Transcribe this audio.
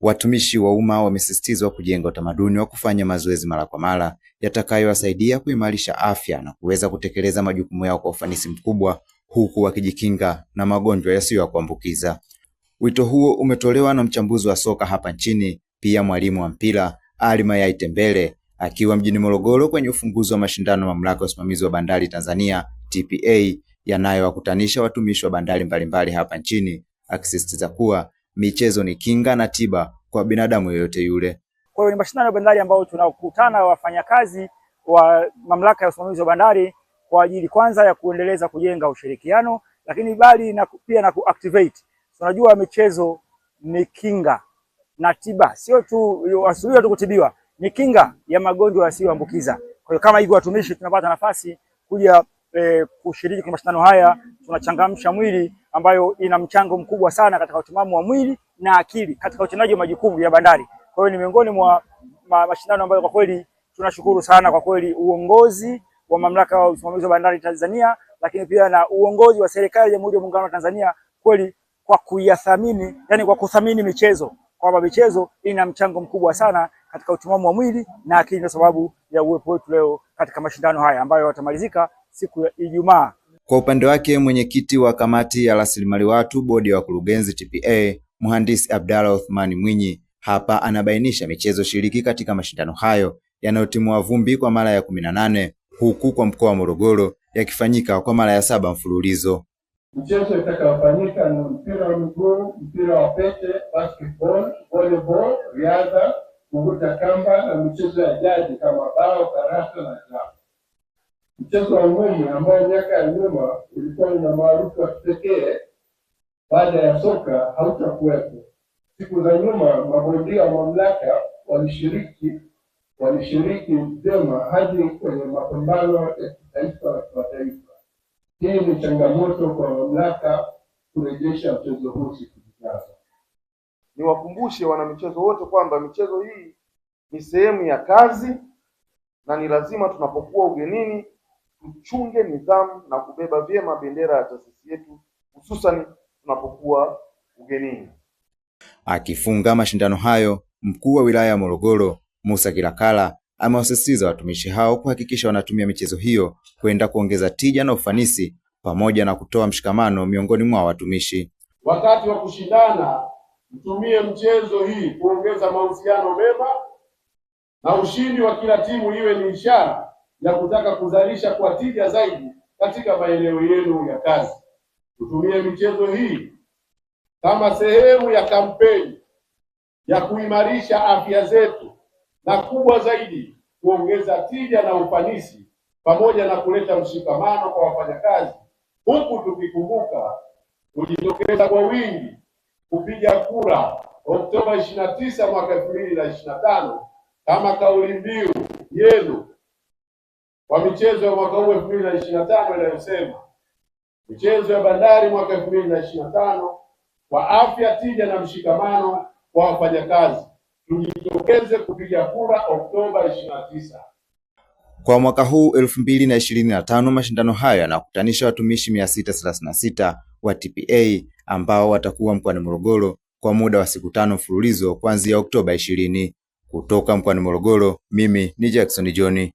Watumishi wa umma wamesisitizwa kujenga utamaduni wa kufanya mazoezi mara kwa mara yatakayowasaidia kuimarisha afya na kuweza kutekeleza majukumu yao kwa ufanisi mkubwa huku wakijikinga na magonjwa yasiyo ya kuambukiza. Wito huo umetolewa na mchambuzi wa soka hapa nchini, pia mwalimu wa mpira Ali Mayai Tembele akiwa mjini Morogoro kwenye ufunguzi wa mashindano mamlaka ya usimamizi wa bandari Tanzania TPA yanayowakutanisha watumishi wa bandari mbalimbali hapa nchini, akisisitiza kuwa michezo ni kinga na tiba kwa binadamu yoyote yule. Kwa hiyo ni mashindano ya bandari ambayo tunakutana wafanyakazi wa mamlaka ya usimamizi wa bandari kwa ajili kwanza ya kuendeleza kujenga ushirikiano, lakini bali na, pia na kuactivate. Tunajua michezo ni kinga na tiba, sio tu asubuhi tu kutibiwa, ni kinga ya magonjwa yasiyoambukiza. Kwa hiyo kama hivyo watumishi tunapata nafasi kuja E, kushiriki kwa mashindano haya tunachangamsha mwili ambayo ina mchango mkubwa sana katika utimamu wa mwili na akili katika utendaji wa majukumu ya Bandari. Kwa hiyo ni miongoni mwa ma, mashindano ambayo kwa kweli tunashukuru sana kwa kweli uongozi wa mamlaka ya usimamizi wa bandari Tanzania, lakini pia na uongozi wa serikali ya Jamhuri ya Muungano wa Tanzania kweli kwa kuyathamini, yani kwa kuthamini michezo kwamba michezo ina mchango mkubwa sana katika utimamu wa mwili na akili, na sababu ya uwepo wetu leo katika mashindano haya ambayo yatamalizika siku ya Ijumaa. Kwa upande wake mwenyekiti wa kamati ya rasilimali watu bodi ya wa wakurugenzi TPA Mhandisi Abdalla Othmani Mwinyi hapa anabainisha michezo shiriki katika mashindano hayo yanayotimua vumbi kwa mara ya kumi na nane huku kwa mkoa wa Morogoro yakifanyika kwa mara ya saba mfululizo. Michezo itakayofanyika ni mpira wa miguu, mpira wa pete, basketball, volleyball, riadha, kuvuta kamba na michezo ya jadi kama bao, karata na jamu. Mchezo wa ngumi ambao miaka ya nyuma ulikuwa na maarufu wa kipekee baada ya soka hautakuwepo. Siku za nyuma mabondia wa mamlaka walishiriki walishiriki vyema hadi kwenye mapambano ya kitaifa na kimataifa. Hii ni changamoto kwa mamlaka kurejesha mchezo huu siku zijazo. Niwakumbushe wanamichezo wote kwamba michezo hii ni sehemu ya kazi na ni lazima tunapokuwa ugenini tuchunge nidhamu na kubeba vyema bendera ya taasisi yetu hususani tunapokuwa ugenini. Akifunga mashindano hayo, mkuu wa wilaya ya Morogoro Musa Kilakala amewasisitiza watumishi hao kuhakikisha wanatumia michezo hiyo kwenda kuongeza tija na ufanisi pamoja na kutoa mshikamano miongoni mwa watumishi. Wakati wa kushindana, mtumie mchezo hii kuongeza mahusiano mema, na ushindi wa kila timu iwe ni ishara ya kutaka kuzalisha kwa tija zaidi katika maeneo yenu ya kazi. Tutumie michezo hii kama sehemu ya kampeni ya kuimarisha afya zetu na kubwa zaidi kuongeza tija na ufanisi pamoja na kuleta mshikamano kwa wafanyakazi, huku tukikumbuka kujitokeza kwa wingi kupiga kura Oktoba 29 tisa mwaka 2025 na tano kama kauli mbiu yenu kwa michezo ya mwaka huu 2025 na tano inayosema michezo ya bandari mwaka elfu mbili na ishirini na tano kwa afya, tija na mshikamano wa wafanyakazi. Tujitokeze kupiga kura Oktoba ishirini na tisa. Kwa mwaka huu elfu mbili na ishirini na tano mashindano hayo yanakutanisha watumishi mia sita thelathini na sita wa TPA ambao watakuwa mkoani Morogoro kwa muda wa siku tano mfululizo kuanzia Oktoba ishirini. Kutoka mkoani Morogoro, mimi ni Jackson John.